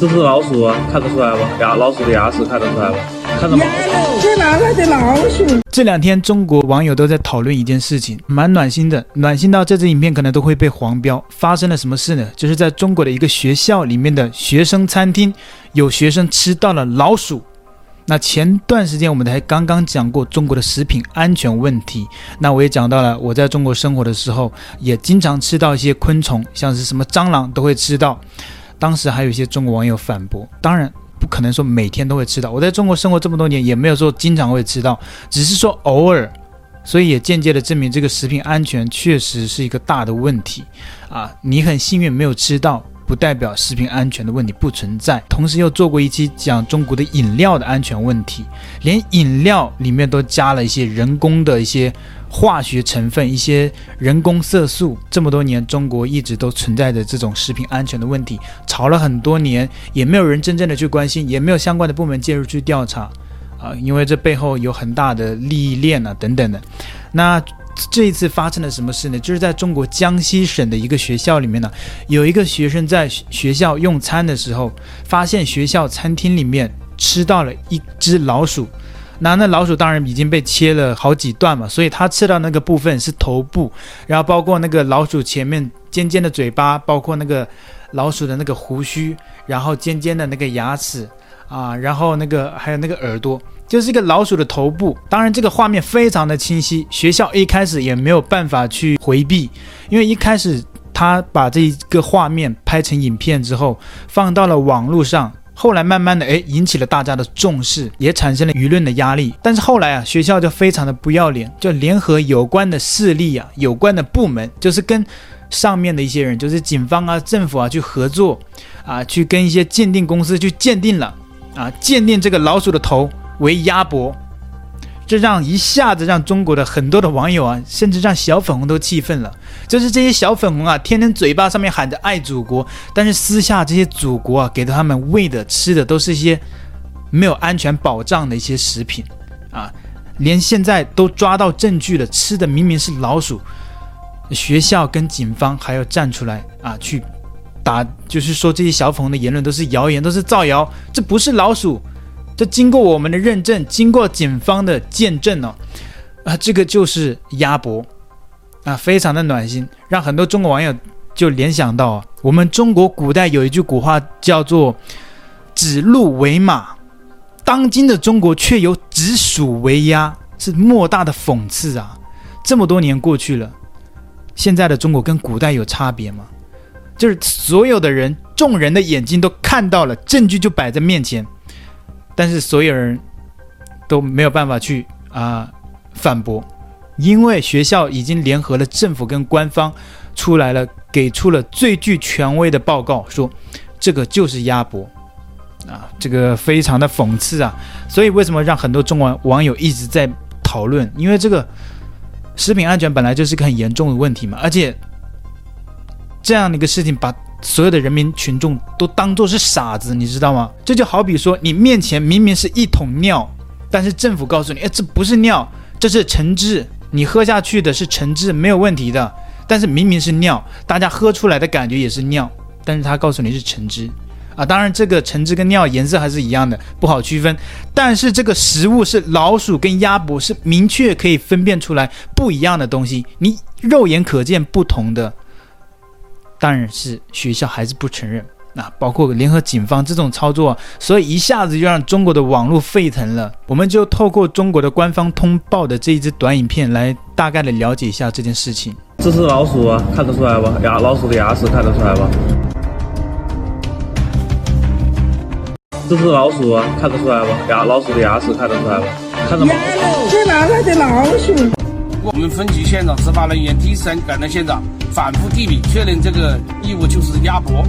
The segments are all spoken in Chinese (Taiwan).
這是老鼠啊，看得出來吧？牙老鼠的牙齒看得出來吧？看到嗎？這哪來的老鼠？這兩天，中國網友都在討論一件事情，蠻暖心的，暖心到這支影片可能都會被黃標。發生了什麼事呢？就是在中國的一個學校裡面的學生餐廳，有學生吃到了老鼠。那前段時間我們才剛剛講過中國的食品安全問題，那我也講到了，我在中國生活的時候也經常吃到一些昆蟲，像是什麼蟑螂都會吃到。當時還有一些中國網友反駁，當然不可能說每天都會吃到，我在中國生活這麼多年也沒有說經常會吃到，只是說偶爾，所以也間接的證明這個食品安全確實是一個大的問題，啊，你很幸運沒有吃到。不代表食品安全的問題不存在。同時又做過一期講中國的飲料的安全問題，連飲料裡面都加了一些人工的一些化學成分，一些人工色素。這麼多年，中國一直都存在着這種食品安全的問題，吵了很多年，也沒有人真正的去關心，也沒有相關的部門介入去調查，啊，因為這背後有很大的利益鏈啊，等等的。那。這一次發生了什麼事呢？就是在中國江西省的一個學校裡面呢，有一個學生在學校用餐的時候，發現學校餐廳裡面吃到了一隻老鼠。那那老鼠當然已經被切了好幾段嘛，所以他吃到那個部分是頭部，然後包括那個老鼠前面尖尖的嘴巴，包括那個老鼠的那個鬍鬚，然後尖尖的那個牙齒。啊，然後那個還有那個耳朵，就是一個老鼠的頭部。當然，這個畫面非常的清晰。學校一開始也沒有辦法去回避，因為一開始他把這一個畫面拍成影片之後，放到了網絡上。後來慢慢的，誒、哎，引起了大家的重視，也產生了輿論的壓力。但是後來啊，學校就非常的不要臉，就聯合有關的勢力啊、有關的部門，就是跟上面的一些人，就是警方啊、政府啊去合作，啊，去跟一些鑑定公司去鑑定了。啊！鑑定這個老鼠的頭為鴨脖，這讓一下子讓中國的很多的網友啊，甚至讓小粉紅都氣憤了。就是這些小粉紅啊，天天嘴巴上面喊着愛祖國，但是私下這些祖國啊，給他們餵的吃的都是一些沒有安全保障的一些食品啊，連現在都抓到證據了，吃的明明是老鼠，學校跟警方還要站出來啊去。打就是說這些小粉紅的言論都是謠言，都是造謠，這不是老鼠，這經過我們的認證，經過警方的見證哦。啊，這個就是鴨脖，啊，非常的暖心，讓很多中國網友就聯想到，我們中國古代有一句古話叫做“指鹿為馬”，當今的中國卻有“指鼠為鴨”，是莫大的諷刺啊！這麼多年過去了，現在的中國跟古代有差別嗎？就是所有的人，眾人的眼睛都看到了，證據就擺在面前，但是所有人都沒有辦法去啊、呃、反駁，因為學校已經聯合了政府跟官方出來了，給出了最具權威的報告，說這個就是鴨脖啊，這個非常的諷刺啊，所以為什麼讓很多中文網友一直在討論？因為這個食品安全本來就是個很嚴重的問題嘛，而且。這樣的一個事情，把所有的人民群眾都當做是傻子，你知道嗎？這就好比說，你面前明明是一桶尿，但是政府告訴你，誒，這不是尿，這是橙汁，你喝下去的是橙汁，沒有問題的。但是明明是尿，大家喝出來的感覺也是尿，但是他告訴你是橙汁，啊，當然這個橙汁跟尿顏色還是一樣的，不好區分。但是這個食物是老鼠跟鴨脖，是明確可以分辨出來不一樣的東西，你肉眼可見不同的。當然是學校還是不承認，那包括聯合警方這種操作，所以一下子就讓中國的網絡沸騰了。我們就透過中國的官方通報的這一支短影片，來大概的了解一下這件事情。這是老鼠啊，看得出來不？呀，老鼠的牙齒看得出來不？這是老鼠啊，看得出來不？呀，老鼠的牙齒看得出來不？看到嗎？這是哪來的老鼠？我們分局現場執法人員第一時間趕到現場，反覆地理確認這個異物就是鴨脖。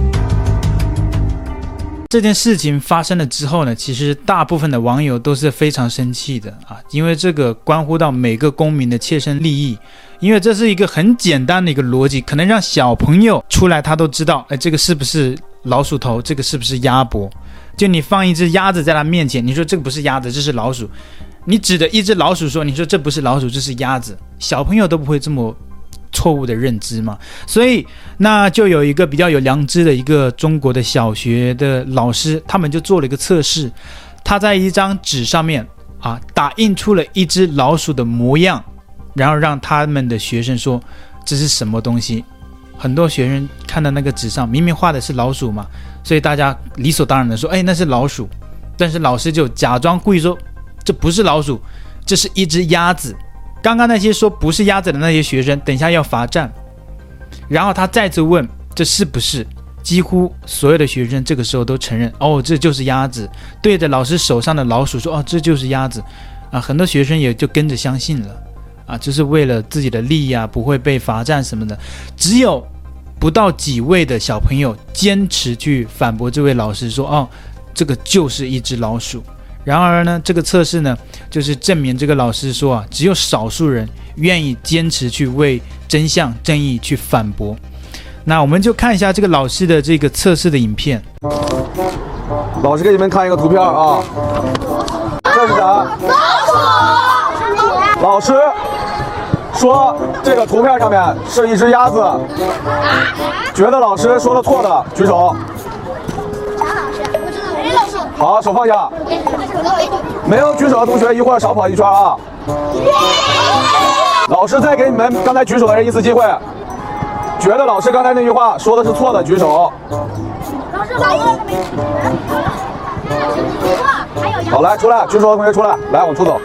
這件事情發生了之後呢，其實大部分的網友都是非常生氣的啊，因為這個關乎到每個公民的切身利益，因為這是一個很簡單的一個邏輯，可能讓小朋友出來他都知道，哎、呃，這個是不是老鼠頭？這個是不是鴨脖？就你放一隻鴨子在他面前，你說這個不是鴨子，這是老鼠。你指着一只老鼠說：“你說這不是老鼠，這是鴨子。”小朋友都不會這麼錯誤的認知嘛？所以那就有一個比較有良知的一個中國的小學的老師，他們就做了一個測試，他在一張紙上面啊打印出了一只老鼠的模樣，然後讓他們的學生說這是什麼東西。很多學生看到那個紙上明明畫的是老鼠嘛，所以大家理所當然地說：“哎，那是老鼠。”但是老師就假裝故意說。這不是老鼠，這是一隻鴨子。剛剛那些說不是鴨子的那些學生，等一下要罰站。然後他再次問：“這是不是？”幾乎所有的學生這個時候都承認：“哦，這就是鴨子。”對着老師手上的老鼠說：“哦，這就是鴨子。”啊，很多學生也就跟着相信了。啊，這是為了自己的利益啊，不會被罰站什麼的。只有不到幾位的小朋友堅持去反駁這位老師說：“哦，這個就是一隻老鼠。”然而呢，這個測試呢，就是證明這個老師說啊，只有少數人願意堅持去為真相、正義去反駁。那我們就看一下這個老師的這個測試的影片。老師給你們看一個圖片啊。這是啥？老鼠。老師說這個圖片上面是一只鴨子。覺得老師說的錯的舉手。好，手放下。沒有舉手的同學，一會兒少跑一圈啊。老師再給你們剛才舉手的人一次機會。覺得老師剛才那句話說的是錯的，舉手。老師,、啊、師好，來，出來，舉手的同學出來，來往出走。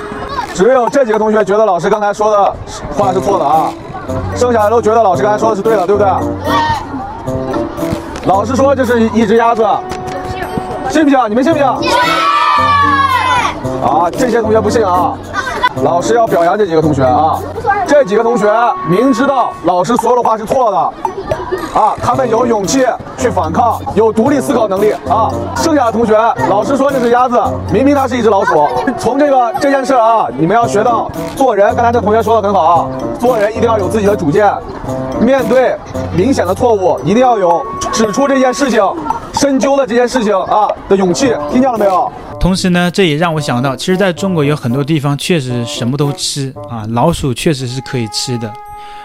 只有這幾個同學覺得老師剛才說的話是錯的啊，剩下的都覺得老師剛才說的是對的，對不對？對。老師說這是一只鴨子。信不信啊？你們信不信、啊？信！啊，這些同學不信啊。老師要表揚這幾個同學啊。這幾個同學明知道老師說的話是錯的啊，他們有勇氣去反抗，有獨立思考能力啊。剩下的同學，老師說這是鴨子，明明它是一只老鼠。從這個這件事啊，你們要學到做人。剛才這同學說的很好啊，做人一定要有自己的主見，面對明顯的錯誤一定要有指出這件事情。深究了這件事情啊的勇氣，聽見了沒有？同時呢，這也讓我想到，其實在中國有很多地方確實什麼都吃啊，老鼠確實是可以吃的。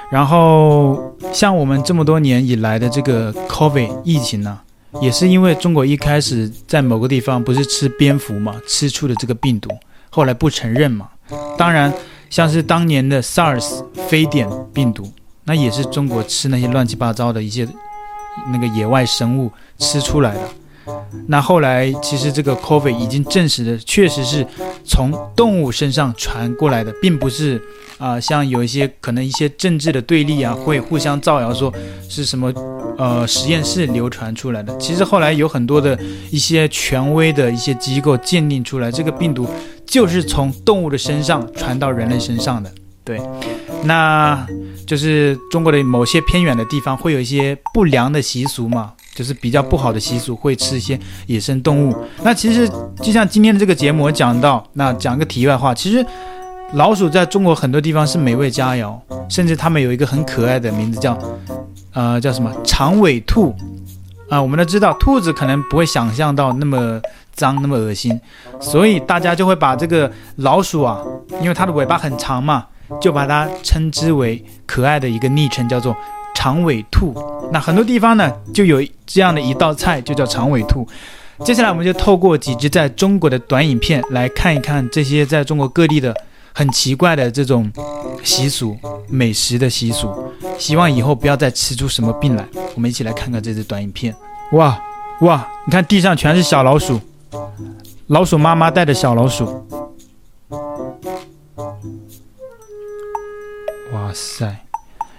然後像我們這麼多年以來的這個 COVID 疫情呢，啊，也是因為中國一開始在某個地方不是吃蝙蝠嘛，吃出了這個病毒，後來不承認嘛。當然，像是當年的 SARS 非典病毒，那也是中國吃那些亂七八糟的一些。那個野外生物吃出來的，那後來其實這個 COVID 已經證實了，確實是從動物身上傳過來的，並不是啊、呃，像有一些可能一些政治的對立啊，會互相造謠說是什麼呃實驗室流傳出來的。其實後來有很多的一些權威的一些機構鑑定出來，這個病毒就是從動物的身上傳到人類身上的，對。那就是中國的某些偏遠的地方會有一些不良的習俗嘛，就是比較不好的習俗，會吃一些野生動物。那其實就像今天的這個節目我講到，那講個題外話，其實老鼠在中國很多地方是美味佳肴，甚至它們有一個很可愛的名字叫，呃，叫什麼長尾兔啊。我們都知道兔子可能不會想象到那麼髒那麼惡心，所以大家就會把這個老鼠啊，因為它的尾巴很長嘛。就把它稱之為可愛的一個昵稱，叫做長尾兔。那很多地方呢，就有這樣的一道菜，就叫長尾兔。接下來，我們就透過幾支在中國的短影片來看一看這些在中國各地的很奇怪的這種習俗、美食的習俗。希望以後不要再吃出什麼病來。我們一起來看看這支短影片。哇哇！你看地上全是小老鼠，老鼠媽媽帶着小老鼠。哇、啊、塞，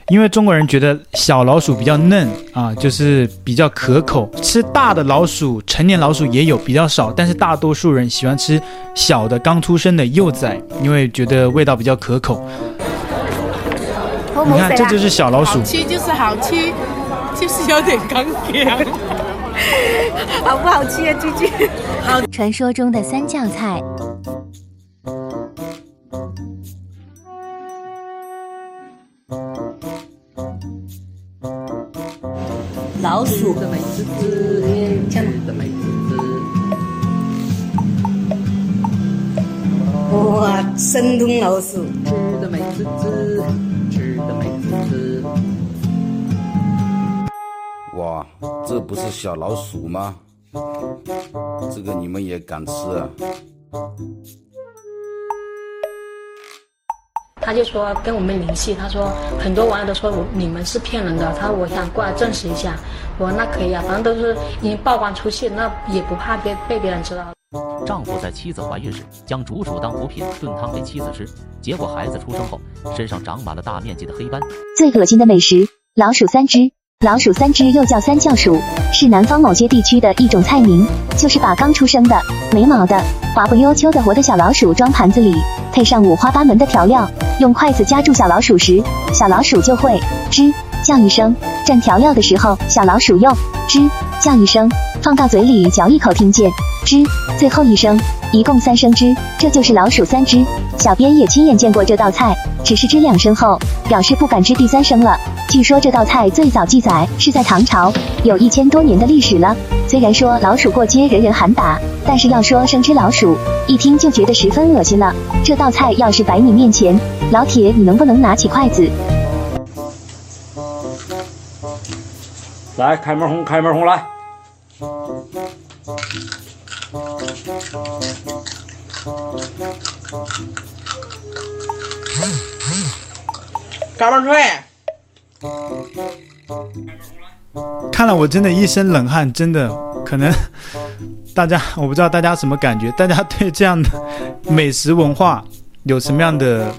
因為中國人覺得小老鼠比較嫩啊，就是比較可口。吃大的老鼠，成年老鼠也有，比較少，但是大多數人喜歡吃小的剛出生的幼崽，因為覺得味道比較可口。泡泡啊、你看，這就是小老鼠，吃就是好吃，就是有點剛。 好不好吃啊？這句好，傳說中的三叫菜。老鼠吃的美滋滋，吃的美滋滋。哇，生吞老鼠吃的美滋滋，吃的美滋滋。哇，這不是小老鼠嗎？這個你們也敢吃啊？他就說跟我們聯繫，他說很多網友都說我，你們是騙人的，他說我想過來證實一下。我說那可以啊，反正都是已經曝光出去，那也不怕被被別，別人知道。丈夫在妻子懷孕時將竹鼠當補品燉湯給妻子吃，結果孩子出生後身上長滿了大面積的黑斑。最惡心的美食老鼠三只，老鼠三只又叫三叫鼠，是南方某些地區的一種菜名，就是把剛出生的沒毛的滑不溜秋的活的小老鼠裝盤子裡。配上五花八門的調料，用筷子夾住小老鼠時，小老鼠就會吱叫一聲；蘸調料的時候，小老鼠又吱叫一聲；放到嘴裡嚼一口，聽見吱，最後一聲，一共三聲吱，這就是老鼠三吱。小編也親眼見過這道菜，只是吱兩聲後，表示不敢吱第三聲了。據說這道菜最早記載是在唐朝，有一千多年的歷史了。雖然說老鼠過街人人喊打，但是要說生吃老鼠，一聽就覺得十分噁心了。這道菜要是擺你面前，老鐵，你能不能拿起筷子？來開門紅，開門紅來！嘎嘣脆。嗯看了我真的一身冷汗，真的可能大家我不知道大家什麼感覺，大家對這樣的美食文化有什麼樣的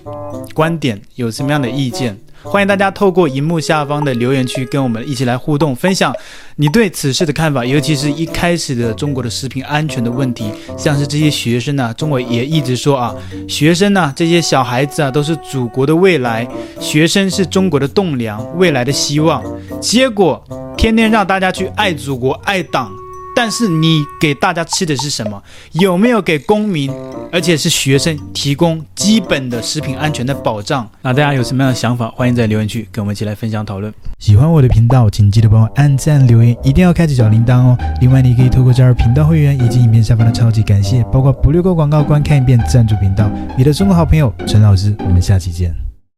觀點，有什麼樣的意見？歡迎大家透過熒幕下方的留言區跟我們一起來互動分享你對此事的看法，尤其是一開始的中國的食品安全的問題，像是這些學生呢、啊，中國也一直說啊，學生呢、啊、這些小孩子啊都是祖國的未來，學生是中國的棟樑，未來的希望，結果天天讓大家去愛祖國、愛黨。但是你給大家吃的是什麼？有沒有給公民，而且是學生提供基本的食品安全的保障？那大家有什麼樣的想法？歡迎在留言區跟我們一起來分享討論。喜歡我的頻道，請記得幫我按讚、留言，一定要開啟小鈴鐺哦。另外，你可以透過加入頻道會員以及影片下方的超級感謝，包括不略過廣告、觀看一遍贊助頻道。你的中國好朋友陳老師，我們下期見。